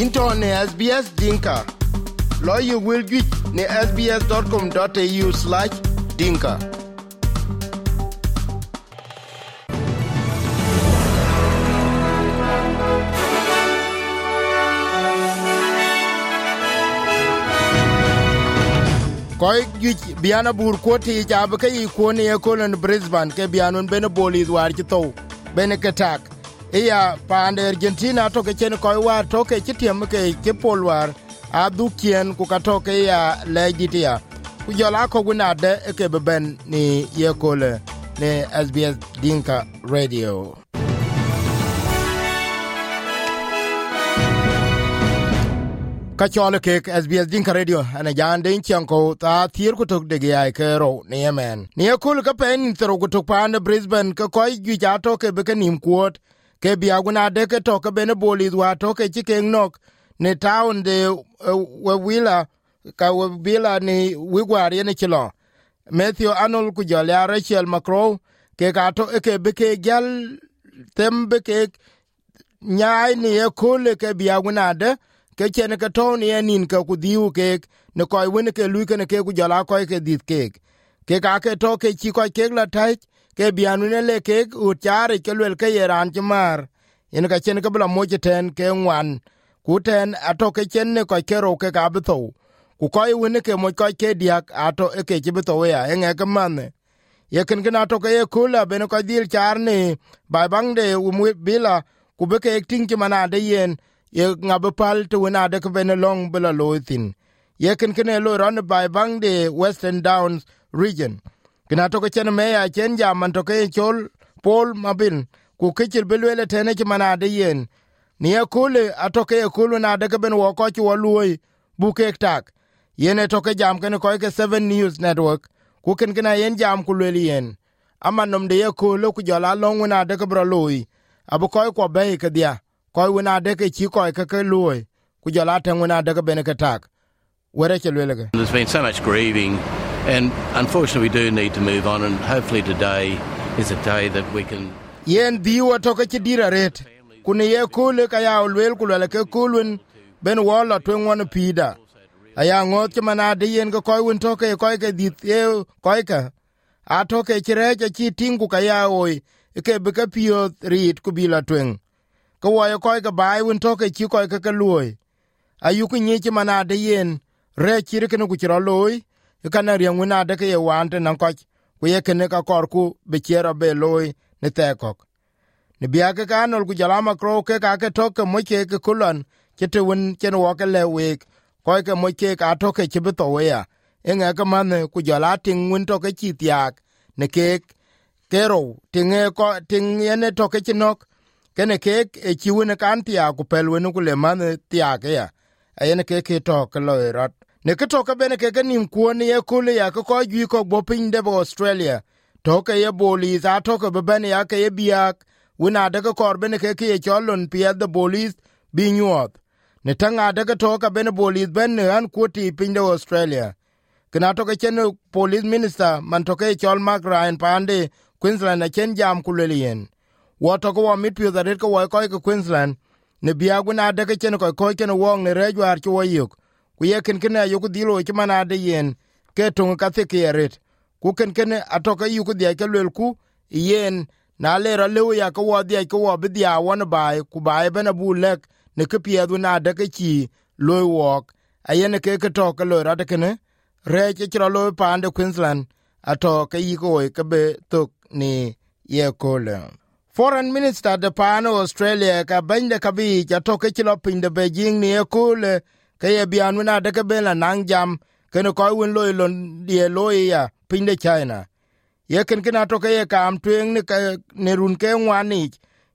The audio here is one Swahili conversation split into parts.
into ne SBS Dinka. Lawyer will get ne sbs.com.au slash dinka. koi gich biana bur ko te ja ba ke ko ne ko Brisbane ke bianon bene boli war ti to bene ke tak iya pande argentina toke chen koy war toke chitiem ke chipol war adu kien ku ka ya legitia ku jola ko gunade ke beben ni yekole ne SBS Dinka Radio. ka chole kek SBS Dinka Radio ana jan den chanko ta thier kutuk de gi ai kero ni yemen ni yekole ka pen tro kutuk pa ne Brisbane ka koy gi ja to ke be ke kuot ke bia de ke to ke bene boli wa to ke ti nok ne town de e, we wila ka we bila ni we gwari ne kilo Matthew Anul ku Rachel Macrow ke ka to ke be ke gal tem be ke nyaai ni e kule ke bia guna de ke chen ke to ni enin ke ku ke ne koy wen ke lu ke ne ke ku jala ke dit ke ke ka ke to ke ti ke la tait ke bianu ne le ke u chare ke lel ke yeran ti mar yen ka chen ke bla mo ten ke wan ku ten ato ke chen ne ko ke ke ga bu ku ko yu ne ke mo ko ke diak ato e ke ti bu ya en ke man ye ken gna to ke ku ben ko dir char ne ba bang de u mu bila ku be ke tin ti mana de yen ye nga bu pal tu na de ke ben long bla lo tin ye ken ken lo ron ba bang de western downs region kina toke chen me ya chen jam man toke chol pol mabin ku kichir bilwele tene ki manade yen ni ya kule atoke ya kulu na adeke ben wako chi waluoi bukek tak yene toke jam kene koike 7 News Network kuken kina yen jam ku kulweli yen ama de ye kulu kujola longu na adeke bro lui abu koi kwa bei kadia ke wina adeke chi koi kake lui kujola tengu na adeke bene ketak There's been so much grieving And unfortunately, we do need to move on, and hopefully, today is a day that we can. Yen biwa toke chidira ret. Kuni ye kule kaya ulwel kulwele ke kulwin ben wala twengwan pida. Aya ngot ke manade yen ke koi win toke koi ke dit ye koi ka. A toke chireche chi tingu kaya oi ke bika piyo rit kubila tweng. Ke woye koi ke bai win toke chi koi ke ke luoi. Ayu kunye manade yen re chirikinu kuchira loi ikana riang wina de ke wan te nan koch ku ye kene ka kor ku be chero be loy ne te kok ne biya ke ka nol ku jala ma kro ke ka ke to ke mo ke ke kulon ke te win ken wo ke le we ko ke mo ke ka to ke ke to we ya e nga ka man ku jala tin win to ke ti yak ne ke kero tin e ko tin ye ne to ke nok kene ke e ti win kan ti ya ku pel win ku le man ti ya ke ya e ke ke to ke lo rot ne ke toke bene keke nim kuon ye kule ya ke ko jui ko bo piny debe australia toke ye bolis a toke be bene ya ke ye biak wen adeke kor bene keke ye cɔl lon piɛth dhe bolis bi nyuot ne taŋ adeke toke bene bolis ben ne an kuo tii piny de australia kena toke cen polis minister man toke ye cɔl mak ryan paande queensland chen jam ku luel yen wɔ toke wɔ mit piöth arit ke ko kɔcke queensland ne biak wen ke chen kɔc kɔc chen wo ne rɛɛc waar ci wɔ yök ku ye ken ken ayo ku dilo ke mana de yen ke to ka te ke ret ku ken ken atoka yu ku dia ke lel ku yen na le ra le ya ko wa dia ko wa bi dia won bai ku bai bena bu lek ne ke pie du na de ke ki lo wok a yen ke ke to ke lo ra de ke ne re ke tro lo pa ande queensland ato ke yi ko ke be to ni ye ko le Foreign Minister de Pano Australia ka bende kabi ja toke chilo pinde Beijing ni ekule ke ye bian wina de ke bena nang jam ke no koy won loy lon die loy ya pin de china ye ken kina to ke ye kam tueng ne ke ne run ke ngwani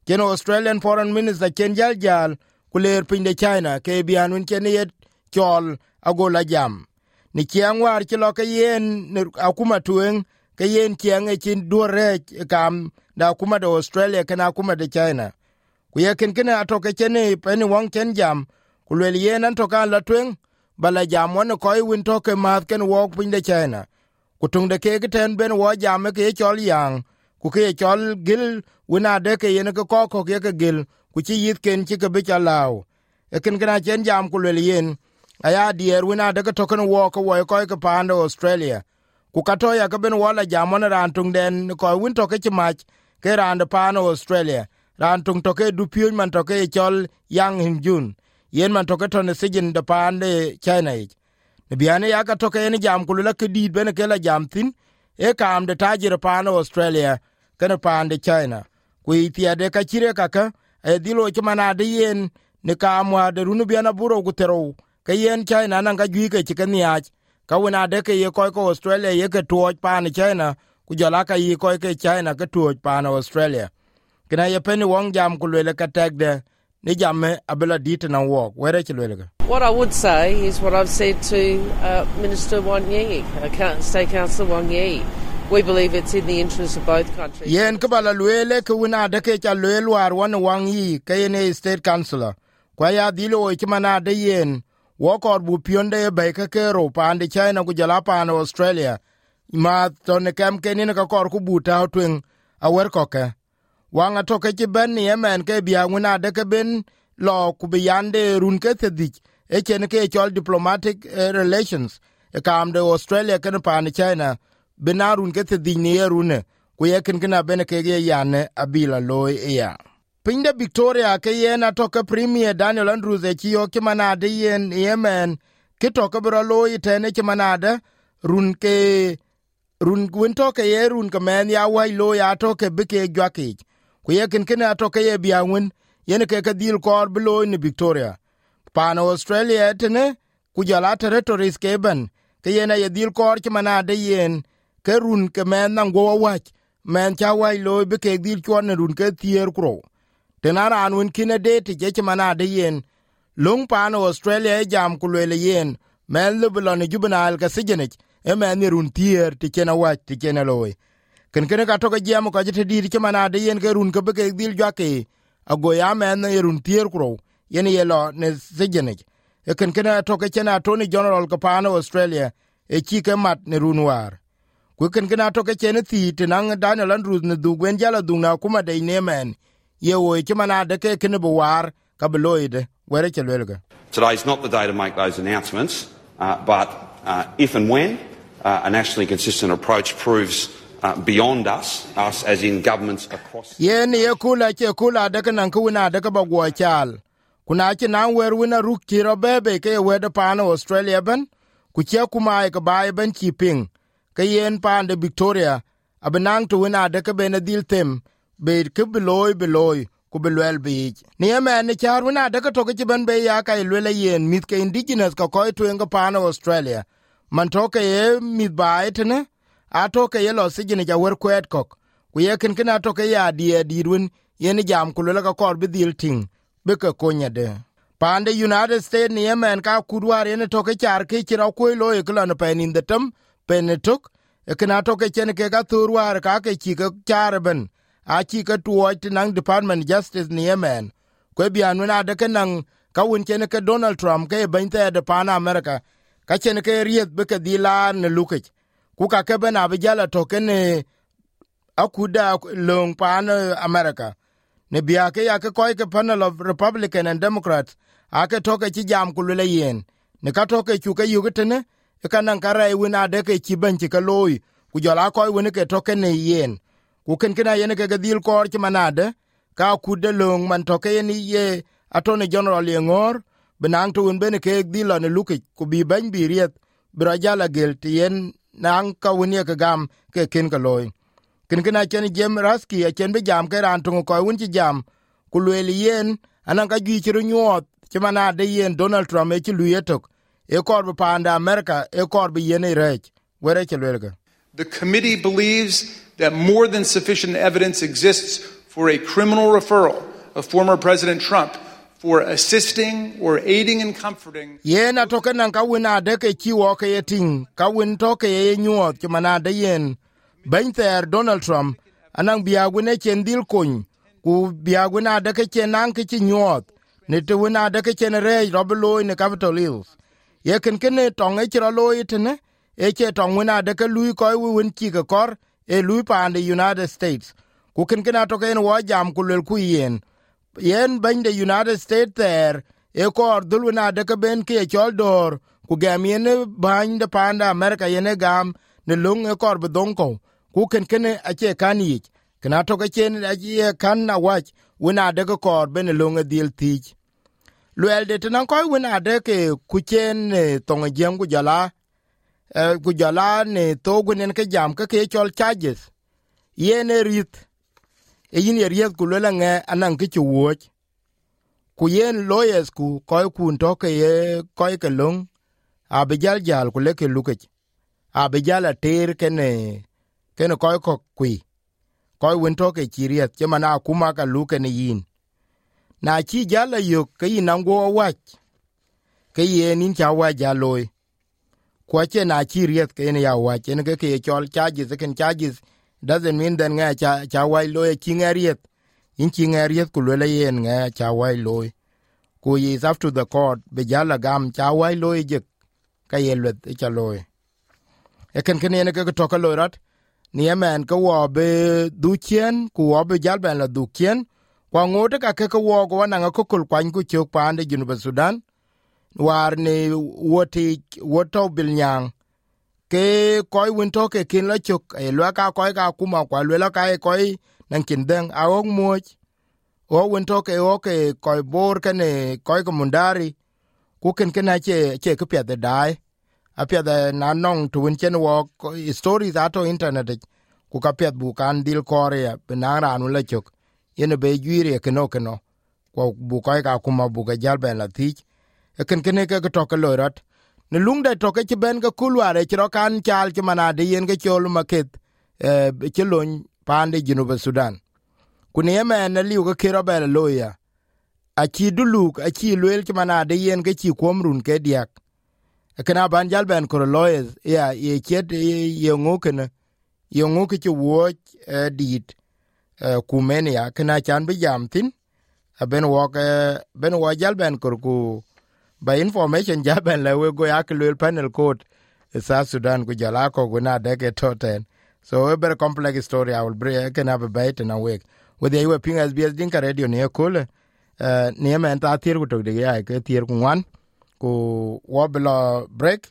ke no australian foreign minister ken jal jal kuler pin de china ke bian wina ke ne ye chol agola jam ni kyang war ke lo ke ye ne akuma tueng ke ye kyang e chin dore kam da kuma de australia kana kuma de china ku ye ken kina to ke e, ne pen wong ken jam ku luel yen an tokan la tueŋ ba la jam wen kɔc win tɔke maath ken wɔɔk piny de china ku tuŋde keek tɛn ben wɔ jame ke ye cɔl yaaŋ ku ke ye cɔl gil wen adeke yen ke kɔk kɔk ye ke gil ku ci yith ken ci ke bi ca laau ekenkena cien jam ku luel yen aya dier wen adeke token wɔ e ke wɔ kɔc ke paande australia ku ka tɔ ya ke ben wɔ la jam wen raan tuŋdɛn ne kɔc win tɔke ci mac ke raande paande australia raan tuŋ tɔke du piööc man tɔke ye cɔl yaŋ him jun yen man toke tone sijin de pande china ich ne biane ya ka toke en jam kulula ke dit bene ke la jam tin e kam de tajir pande australia kene pande china ku ade ka chire kaka e dilo chmana de yen ne wa de runu biana buro gutero ke yen china nan ga gwi ke chikani ach ka wina de ke ye ko ko australia ye ke tuoj pande china ku jala ka yi ko ke china ke tuoj pande australia kina ye peni wong jam kulule ka tagde ni jamme abela dit na wok were ci lwelga What I would say is what I've said to uh, Minister Wang Yi, uh, State Councillor Wang Yi. We believe it's in the interest of both countries. Yen kabala lwele ke wina deke cha lwel war wan Wang Yi ke yene State Councillor. Kwa ya dhilo we chimana de yen wokor bu pionde be ke kero pande China kujala pande Australia. Ma tonne kem kenine kakor kubuta otwing awer koke wanga toke ci ben ni emen ke bia nguna de ke ben lo ku biande run ke te dik e chen ke chol diplomatic eh, relations e kam de australia ken pa ni china bina run ke te dik ni erune ku ye ken kina ben ke ye yane abila loy e ya pinde victoria ke ye na toke premier daniel andrews e ki chiyo kimanade yen yemen toke bro loy e tene kimanade run ke run gwin toke ye run ke men ya wai lo ya toke bike gwakic ku yekin kene atoke ye biaŋwen yen keke dhil kɔr bi looi ni victoria paan australia e tene ku jɔl a territories keben ke yen aye dhil kɔr ci manade yen ke run ke mɛn naŋguo awac mɛn ca wac looi bi kek dhil cuɔt ne run ke thier kurou ten araan wen kin ade tic ye ci manade yen luŋ paan australia e jam ku luele yen mɛn lubi lɔ ni jubinaal ke sijenic e mɛn ni run thier ticien awac ticien elooi ken kene ka toke ka jete dir de yen ke run ke ke ya ne run tier kro yen ye lo ne e ken kene chena general pano australia e ke mat ne run war ku ken kene chene ti ne du gwen du na kuma de ne men ye wo de ke bu war ka were not the day to make those announcements uh, but uh, if and when uh, a nationally consistent approach proves Uh, beyond us, us as in governments across. Yen ye kula che kula adaka nan kuna adaka bagwa chal. Kuna che nan wer wina ruk kiro bebe ke weda pano Australia ben. Kuchia kuma eka bae ben chiping. Ke yen pande Victoria. Abenang tu wina adaka bena dhil tem. Be kibiloy biloy. Kubilwel biij. Ni eme ni wen wina adaka toke chiben be ya luel ilwele yen. Mith ke indigenous ka koi tuenga pano Australia. Man toke ye mith baai tene atoke ye lo sijini ja wer kwet kok ku ye ken ken atoke ya die dirun yen jam kulela ka kor bidil ting beke konyade pande united states ni yemen ka kudwar yen toke char ke chiro ku lo e klon pe nin de tem pe ne tok e ken atoke chen ke ga turwar ka ke chi ke char ben a chi ke tuot nang department justice ni yemen ko bi anu na de ken nang ka wun chen ke donald trump ke ben te de pan america ka chen ke riet beke dilar ne lukich ku ka ke ben abi jala to akuda long pan america ne bia ya ke koy ke panel of republican and democrats ake to ke jam ku yen ne ka to ke ke yugo tene e ka nan i wina de ke ti ben ti ke loy ku jala koy wini ke to ne yen ku ken kina yen ke gadil kor ti manade ka ku long man to ni ye atone general ye benang tuun bene ke dilo luke ku bi ben bi riet bra gel ti nang ka wun ye ke gam ke kin ke loy kin kin a chen jem raski a chen be jam ke ran tungu ko wun chi jam ku lwe li yen anan ka gi chi nyuot chi mana de yen Donald Trump e chi lu e kor bu panda America e kor bu yen e rech were chi lwe The committee believes that more than sufficient evidence exists for a criminal referral of former President Trump for assisting or aiding and comforting. Yen atoke token ka kawin a deke chi wo ke yeting ka win to nyuot yen ben Donald Trump anang biagu ne chen dil ku biagu na ade ke chen nan ke chi nyuot ne te win ade ke chen re robloy Capitol Hills. Ye ken ken tong e chira loy tene tong win lui win kor e lui pa the United States. Ku ken ken atoke en wo ku yen. yen ban the united state there e kor dul na de ke ben ke chol dor ku gam yen e ban de panda america yen e gam ne lung e kor bdon ku ken ken e a che kan kana to ke chen a ye kan na wa wina de ke kor ben lung e dil ti luel de tan ko wina de ke ku chen to ngem ku jala ku jala ne to gunen ke jam ke ke chol charges yen rit e yin ye rieth ku luel aŋe anaŋ ke ci wuoc ku yen lawyers ku kɔc kun tɔke ye kɔcke löŋ abi jal jal ku leke lukic abi jal ateer kene kene kɔc kɔk kui kɔc wen tɔke ci rieth ci man akum aka lu kene yin na ci jal ayök ke yin aŋguo awac ke yen in ca wac ja looi kuace na ci rieth ke yen ya wac en ke ke ye cɔl cajis eken cajis doesn't mean that nga cha cha wai loy king ariet in king ariet ku le yen nga cha wai loy ku is up to the court be jala gam cha wai loy je ka ye le cha loy e ken ken ne ka to ka loy rat ni amen ko wo be du chen ku wo be jal ben la du chen kwa ngote ka ke ko wo go na ko kul kwan ku chok pande jinu sudan war ni woti woto bilnyang ke koy win to ke kin la chok e eh, lwa ka koy ka kuma kwa lwa ka e koy nan kin den a ok muoch o win to ke o ke koy bor ke ne koy ko mundari ku ken ken a che che ke pya dai a pya na nong tu win chen wo eh, story za to internet ku ka pya bu kan dil korea benara anu la chok yene be yire ke no ke no bu koy ka kuma bu ga jal la thich e ken ken e ke to ke lorat ne lung da toke ci ben ga kulware ci rokan chal ci manade yen ga chol maket ci lony pande jinuba sudan kuni yemen ne liu ga kiro bele loya a ci duluk a ci luel ci manade yen ga ci komrun ke diak e kana ban jal ben koro loyes ya ye chet ye ngokene ye ngoke ci wo dit e, kumenia kana chan bi jam tin ben wo ben wo jal ben koro ku ba information jaben le we go yak lel panel court e sa sudan ku jala ko guna de toten so we ber complex story i will bring can have a bite and a week with the ping sbs dinka radio ne kule ne men ta tir ku to de ya ke tir ku wan ku wo break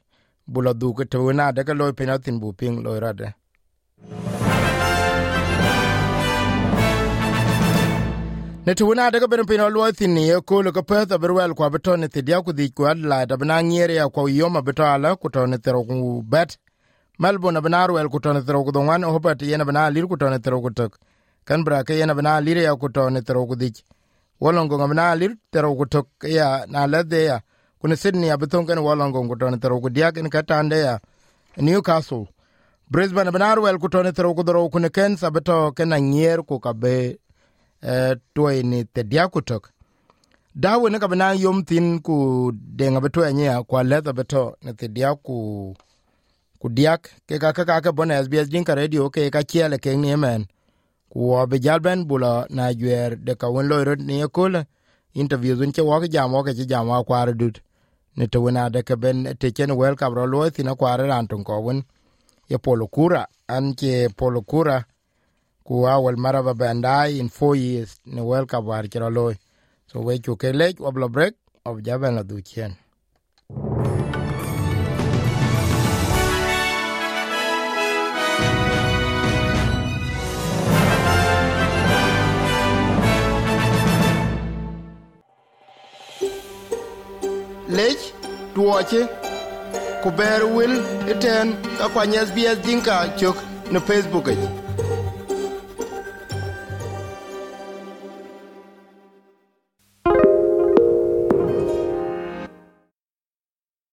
bulo du ke to na de ke lo pinatin bu ping lo rade ne tuwina daga ben pin oluo thin ye ko le ko petho berwel kwa beto ne thidia ku dhich ku adelaide abina nyiere ya kwa yoma beto ala ku to ne thero ku bet melbourne abina ruel ku to ne thero ku dhongwan hobart yen abina alir ku to ne thero ku tok canberra ke yen abina alir ya ku to ne thero ku dhich wolongong abina alir thero ku tok ya na ledhe ya ku ne sydney abithong ken wolongong ku to ne thero ku diak en katande ya newcastle brisbane abina ruel ku to ne thero ku dhoro ku ne kens abeto ken anyier ku kabe Eh, toy ni te dia kutok da wona ka bana yom tin ku de ngabe to nya kwa leather beto ne te dia ku ku diak ke ka ka ka bona sbs din ka radio ke ka kiele ke ni men ku obe jalben bula na yer de ka won loro ni ekol interview zun ke wog jamo ke jamo kwa rdut ne to wona de ke ben te chen welcome ro loti na kwa rantun ko won ye polo kura an ke polo kura ku awal maraba bandai in 4 years ne world cup war kero loy so we chu ke lech oblo break of jaban la duchen lech tuoche ku ber wil iten akwany bias dinka chok ne facebook